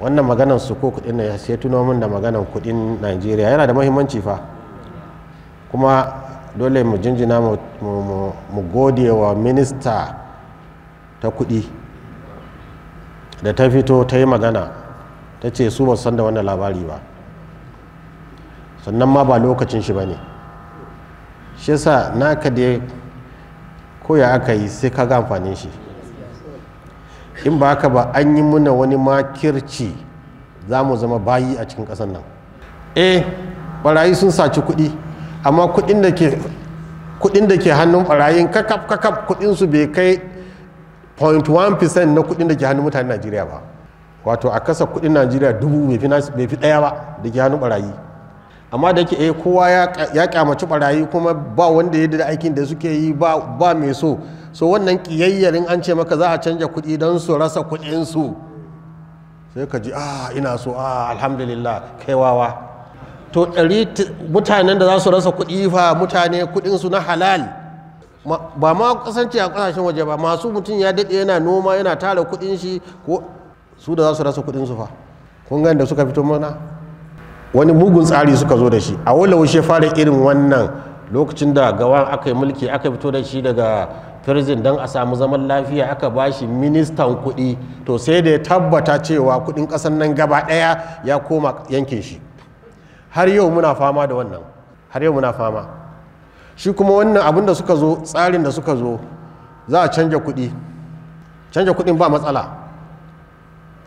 wannan maganan su ko kudin ya sai tuno min da maganan kudin najeriya yana da mahimmanci fa kuma dole mu jinjina mu gode wa minista ta kudi da ta fito ta yi magana ta ce su basu san da wannan labari ba sannan ma ba lokacin shi ba ne shi sa na naka da ko ya aka yi sai ka ga amfanin shi in ba haka ba an yi muna wani makirci za mu zama bayi a cikin ƙasar nan eh barayi sun saci kuɗi amma kuɗin da ke hannun barayin kakaf kakaf kuɗin su bai kai 0.1% na kuɗin da ke hannun mutanen Najeriya ba wato a kasa kuɗin Najeriya dubu bai fi ɗaya ba da ke hannun barayi amma da ke eh, kowa ya kyamaci barayi kuma ba wanda ya da aikin da suke yi ba mai so so wannan kiyayyarin an ce maka za a canja kuɗi don su rasa kuɗinsu sai ka ji ah ina so ah alhamdulillah kaiwawa to ɗari mutanen da za su rasa kuɗi fa mutane kuɗinsu na halal ba ma kasance a kasashen waje ba masu mutum ya daɗe yana noma yana tara kuɗin shi ko su da za su rasa kuɗinsu fa kun gani da suka fito mana wani mugun tsari suka zo da shi a wala fara irin wannan lokacin da gawan aka yi mulki aka fito da shi daga firzin don a samu zaman lafiya aka ba shi ministan kuɗi to sai da ya tabbata cewa kuɗin ƙasar nan gaba ɗaya ya koma yankin shi har yau muna fama da wannan har yau muna fama shi kuma wannan abin da suka zo tsarin da suka zo za a canja kuɗi canja kuɗin ba matsala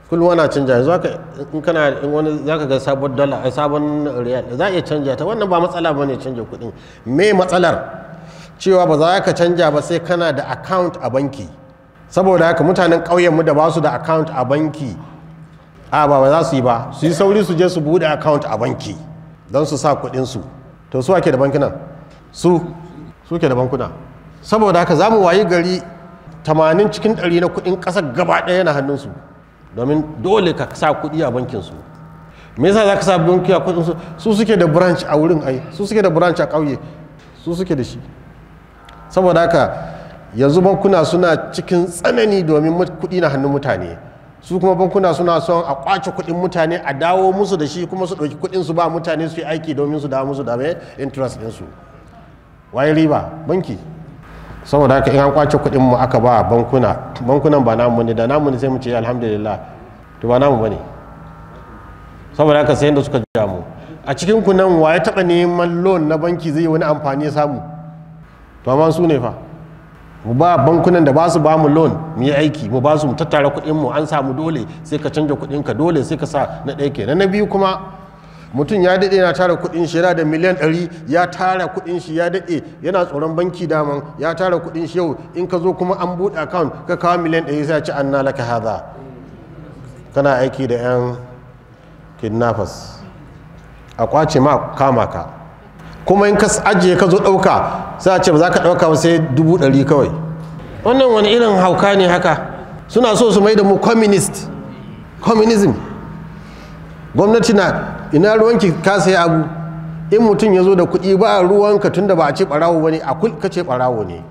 kullum ana canja yanzu haka in kana in wani ka ga sabon dala eh, sabon riyal za a iya canja ta wannan ba matsala ba ne canja kuɗin me matsalar cewa ba za ka canja ba sai kana da account a banki saboda haka mutanen ƙauyenmu da ba su da account a banki a ba za su yi ba su yi sauri su je su buɗe account a banki don su sa kuɗinsu to su ake da bankuna su su ke da bankuna saboda haka za mu wayi gari 80 cikin 100 na kuɗin ƙasa gaba ɗaya yana hannunsu domin dole ka sa kuɗi a bankinsu me yasa za ka sa banki kuɗinsu su suke da branch a wurin ai su suke da branch a ƙauye su suke da shi saboda haka yanzu bankuna suna cikin tsanani domin kuɗi na hannun mutane su kuma bankuna suna son a kwace kuɗin mutane a dawo musu da shi kuma su ɗauki kuɗin su ba mutane su yi aiki domin su dawo musu da mai interest su waye riba banki saboda haka in an kwace kuɗin mu aka ba bankuna bankunan ba namu ne da namu ne sai mu ce alhamdulillah to ba namu bane saboda haka sai da suka jamu a cikin ku nan wa ya taɓa neman loan na banki zai yi wani amfani samu to amma su ne fa mu ba bankunan da ba su ba mu loan mu yi aiki mu ba su mu tattara kuɗin mu an samu dole sai ka canja kuɗin ka dole sai ka sa na ɗaya kenan na biyu kuma mutum ya daɗe na tara kuɗin shi da miliyan ɗari ya tara kuɗin shi ya daɗe yana tsoron banki daman ya tara kuɗin shi yau in ka zo kuma an buɗe account ka kawo miliyan ɗari sai ci an laka haza kana aiki da 'yan kidnappers a kwace ma kama ka kuma in ka ajiye ka zo ɗauka sai a ce ba za ka ɗauka ba sai dubu ɗari kawai wannan wani irin hauka ne haka suna so su mai da mu communist communism gwamnati na ina ruwanki ka sai abu in mutum ya zo da kuɗi ba ruwanka tunda ba a ce ɓarawo ba ne a ka ce ɓarawo ne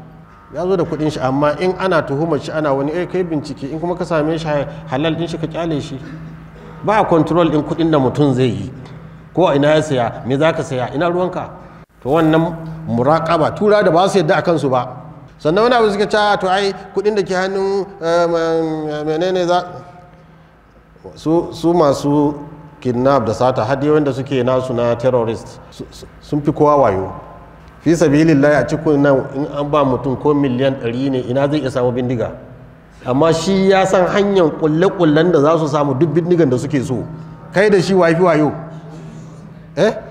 ya zo da kuɗin shi amma in ana tuhumar shi ana wani eh, kai bincike in kuma ka same shi halal ɗin shi ka kyale shi ba a control ɗin kuɗin da mutum zai yi ko ina ya saya me za ka saya ina ruwanka to wannan muraƙaba tura da ba su yadda a kansu ba sannan wani abu suka ce ah, to ai kudin da ke hannun eh, menene za su masu kidnap da sata hadi wanda suke nasu na terrorist sun fi kowa wayo fi sabilillahi a cikin nan in an ba mutum ko miliyan 100 ne ina zai iya samu bindiga amma shi ya san hanyar kulle-kullen da za su samu duk bindigan da suke so kai da shi wafi wayo eh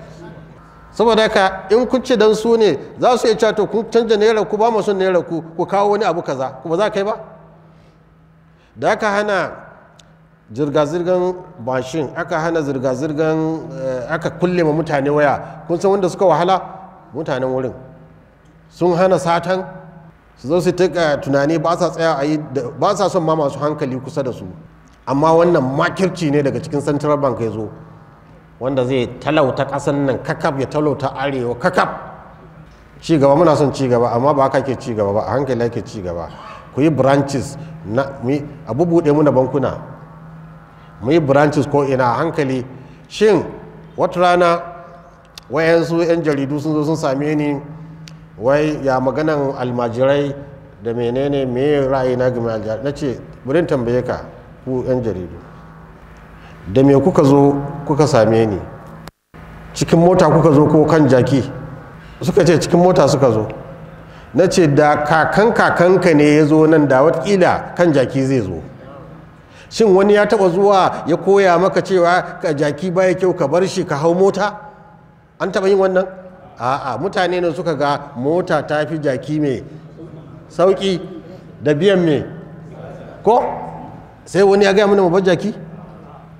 saboda haka in kun ce dan su ne za su iya cewa to kun canja naira ku ba mu son naira ku ku kawo wani abu kaza ku ba za ka yi ba da aka hana zirga-zirgan bashin aka hana zirga-zirgan eh, aka kulle ma mutane waya kun san wanda suka wahala mutanen wurin sun hana satan su zo su tuka tunani ba sa tsaya a yi ba sa son ma masu hankali kusa da su amma wannan makirci ne daga cikin central bank ya zo wanda zai talauta ƙasan nan kakab ya talauta arewa kakab ci gaba muna son ci gaba amma ba haka ke ci ba a hankali ake ci gaba ku yi branches na mi abu muna bankuna mu yi branches ko ina a hankali shin wata rana wayansu 'yan jaridu sun zo sun same ni wai ya maganan almajirai da menene me ra'ayi na game na ce burin tambaye ka ku 'yan jaridu da me kuka zo kuka same ni cikin mota kuka zo ko kan jaki suka ce cikin mota suka zo na ce da kakan kakanka ne ya zo nan da watakila kan jaki zai zo shin wani ya taba zuwa ya koya maka cewa ka jaki baya kyau ka bar shi ka hau mota an taba yin wannan a'a mutane ne suka ga mota ta fi jaki mai sauki da biyan mai ko sai wani ya gaya mana mu bar jaki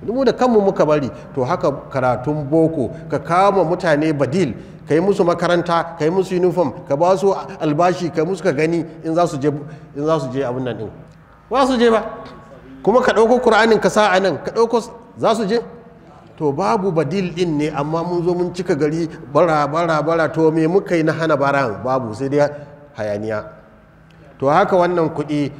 mu da kanmu muka bari to haka karatun boko ka kama mutane badil ka yi musu makaranta ka yi musu uniform ka ba su albashi ka musu ka gani in za su je abin nan din ba su je ba kuma ka ɗauko qur'anin ka sa a nan ka ɗauko za su je to babu badil din ne amma mun zo mun cika gari bara bara bara to me muka yi na hana baran babu sai dai hayaniya to haka wannan kuɗi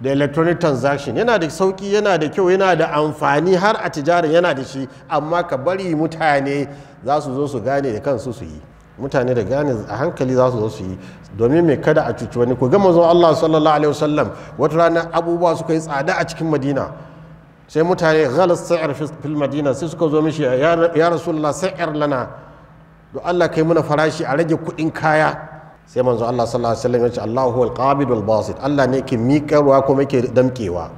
da electronic transaction yana da sauki yana da kyau yana da amfani har a tijara yana da shi amma ka bari mutane za su zo su gane da kansu su yi mutane da gane a hankali za su zo su yi domin mai kada a cuci wani ku gama manzon Allah sallallahu alaihi wasallam wata rana abubuwa suka yi tsada a cikin Madina sai mutane ghalas sa'ir fil Madina sai suka zo mishi ya rasulullah sa'ir lana to Allah kai muna farashi a rage kuɗin kaya sai manzo Allah sallallahu alaihi wasallam ya ce Allahu huwal qabid basit Allah ne yake miƙarwa kuma yake damƙewa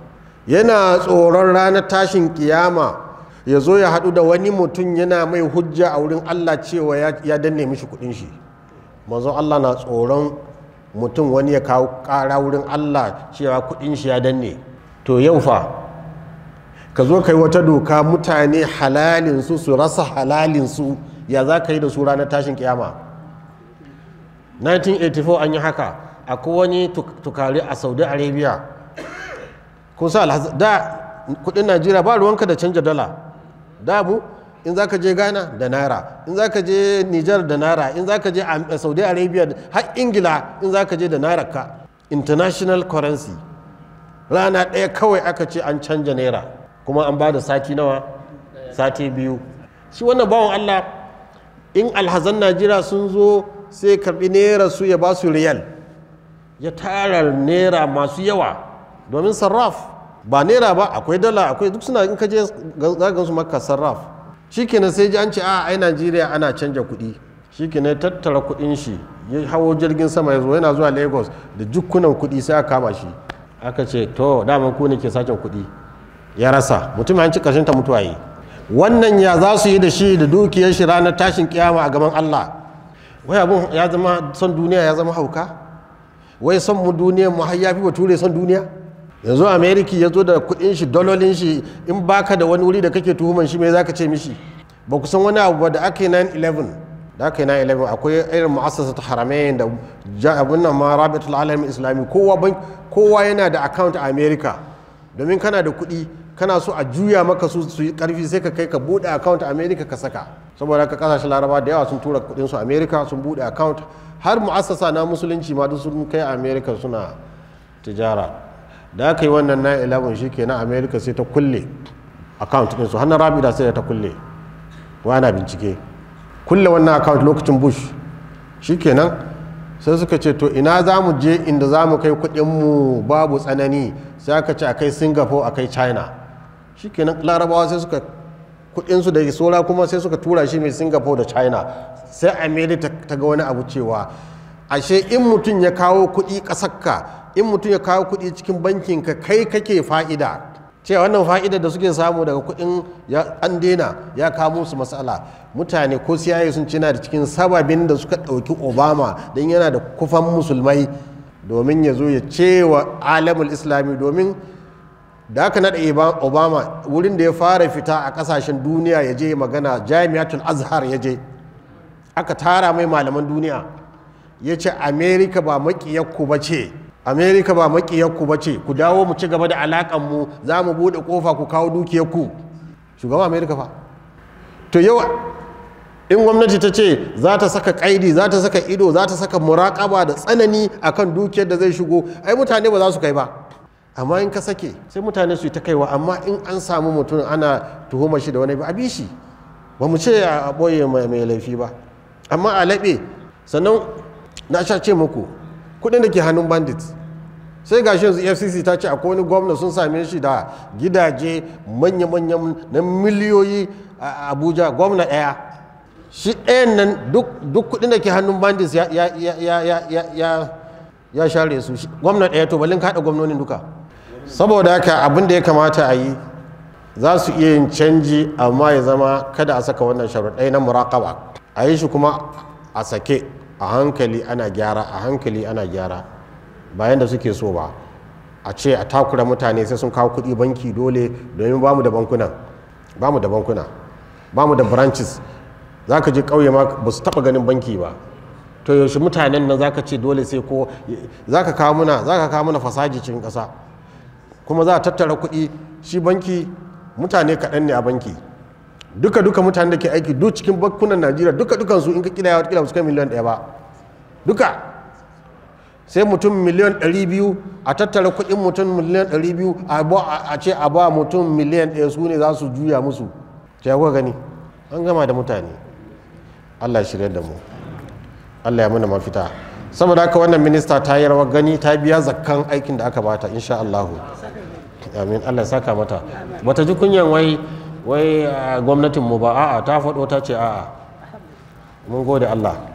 yana tsoron ranar tashin kiyama ya zo ya haɗu da wani mutum yana mai hujja a wurin Allah cewa ya danne mishi kuɗin shi manzo Allah na tsoron mutum wani ya kawo ƙara wurin Allah cewa kuɗin shi ya danne to yau fa ka zo ka yi wata doka mutane halalinsu su rasa halalinsu ya za ka yi da su ranar tashin kiyama 1984 an yi haka akwai wani tukari a saudi arabia sa da kudin najeriya ba ruwanka da canja dala dabu in za ka je ghana da naira in za ka je niger da naira in za ka je saudi arabia har ingila in za ka je da naira ka international currency rana ɗaya kawai aka ce an canja naira kuma an ba da sati nawa sati biyu shi wannan bawan allah in alhazan najeriya sun zo sai karbi naira su ya ba su riyal ya tara naira masu yawa domin sarraf ba naira ba akwai dala akwai duk suna in kaje zagan su maka sarraf shikenan sai ji an ce a ah, ai Najeriya ana canja kuɗi shikenan tattara kuɗin shi ya hawo jirgin sama ya zo yana zuwa Lagos da jukunan kuɗi sai aka kama shi aka ce to dama ku ne ke kuɗi ya rasa mutum an ci ƙarshen ta mutuwa yi wannan ya za su yi da shi da dukiyar shi ranar tashin kiyama a gaban Allah wai abin ya zama son duniya ya zama hauka wai son mu duniya mu har yafi bature son duniya yanzu ameriki ya zo da kudin shi dalolin shi in baka da wani wuri da kake tuhuman shi me zaka ce mishi ba ku san wani abu ba da aka yi 9-11 da aka yi 9-11 akwai irin mu'asasar ta haramain da abin nan ma rabitul alamin islami kowa yana da account a america domin kana da kuɗi kana so a juya maka su su yi karfi sai ka kai ka bude account america ka saka saboda ka kasashen laraba da yawa sun tura kudin su america sun bude account har mu'assasa na musulunci ma duk sun kai america suna tijara da kai yi wannan na 11 shi ke america sai ta kulle account har hannun rabida sai ta kulle wa ana bincike kulle wannan account lokacin bush shikenan sai suka ce to ina za mu je inda za mu kai kudinmu babu tsanani sai aka ce a kai singapore a kai china shikenan larabawa sai suka kudinsu da sora kuma sai suka tura shi mai singapore da china sai america ta ga wani abu cewa ashe in mutum ya kawo kudi kasakka in mutum ya kawo kudi cikin bankin ka kai kake fa'ida ce wannan fa'ida da suke samu daga kudin an daina ya kamo su matsala mutane ko siyaye sun cina da cikin sababin da suka dauki obama don yana da kufan musulmai domin ya zo ya ce wa alamul islami domin da aka naɗa obama wurin da ya fara fita a ƙasashen duniya ya je magana jami'atul azhar ya je aka tara mai malaman duniya ya ce amerika ba maƙiyarku ba ce amerika ba ba ce ku dawo mu ci gaba da alaƙanmu za mu buɗe ƙofa ku kawo dukiyarku shugaban amerika fa to yau in gwamnati ta ce za ta saka ƙaidi za ta saka ido za ta saka muraƙaba da tsanani akan dukiyar da zai shigo ai mutane ba za su kai ba amma in ka sake sai mutane su yi ta kaiwa amma in an samu mutum ana tuhumar shi da wani abi shi ba mu ce a ɓoye mai laifi ba amma a laɓe sannan na sha ce muku kuɗin da ke hannun bandit sai shi yanzu fcc ta ce akwai wani gwamna sun same shi da gidaje manya-manyan na miliyoyi a abuja gwamna ɗaya shi ɗayan nan duk kuɗin da ke hannun bandit ya share su gwamna ɗaya to balin kaɗa gwamnonin duka saboda haka abin da ya kamata a yi za su iya yin canji amma ya zama kada a saka wannan sharaɗai na muraƙaba a yi shi kuma a sake a hankali ana gyara a hankali ana gyara bayan da suke so ba a ce a takura mutane sai sun kawo kuɗi banki dole domin ba mu da bankuna ba mu da bankuna ba mu da branches za ka ji ƙauye ma ba su taɓa ganin banki ba to yaushe mutanen nan za ka ce dole sai ko za ka kawo muna fasaji cikin ƙasa kuma za a tattara kuɗi shi banki mutane kaɗan ne a banki duka duka mutane da ke aiki duk cikin bankunan najeriya duka dukan su in ka kila yawa kila su kai miliyan ɗaya ba duka sai mutum miliyan biyu a tattara kuɗin mutum miliyan biyu a ce a ba mutum miliyan ɗaya su ne za su juya musu jago gani an gama da mutane allah shirya da mu allah ya muna mafita saboda haka wannan minista ta yi rawar gani ta biya zakkan aikin da aka bata insha allahu amin allah saka mata bata ji kunyan wai wai gwamnatin mu ba a'a ta faɗo ta ce a'a mun gode allah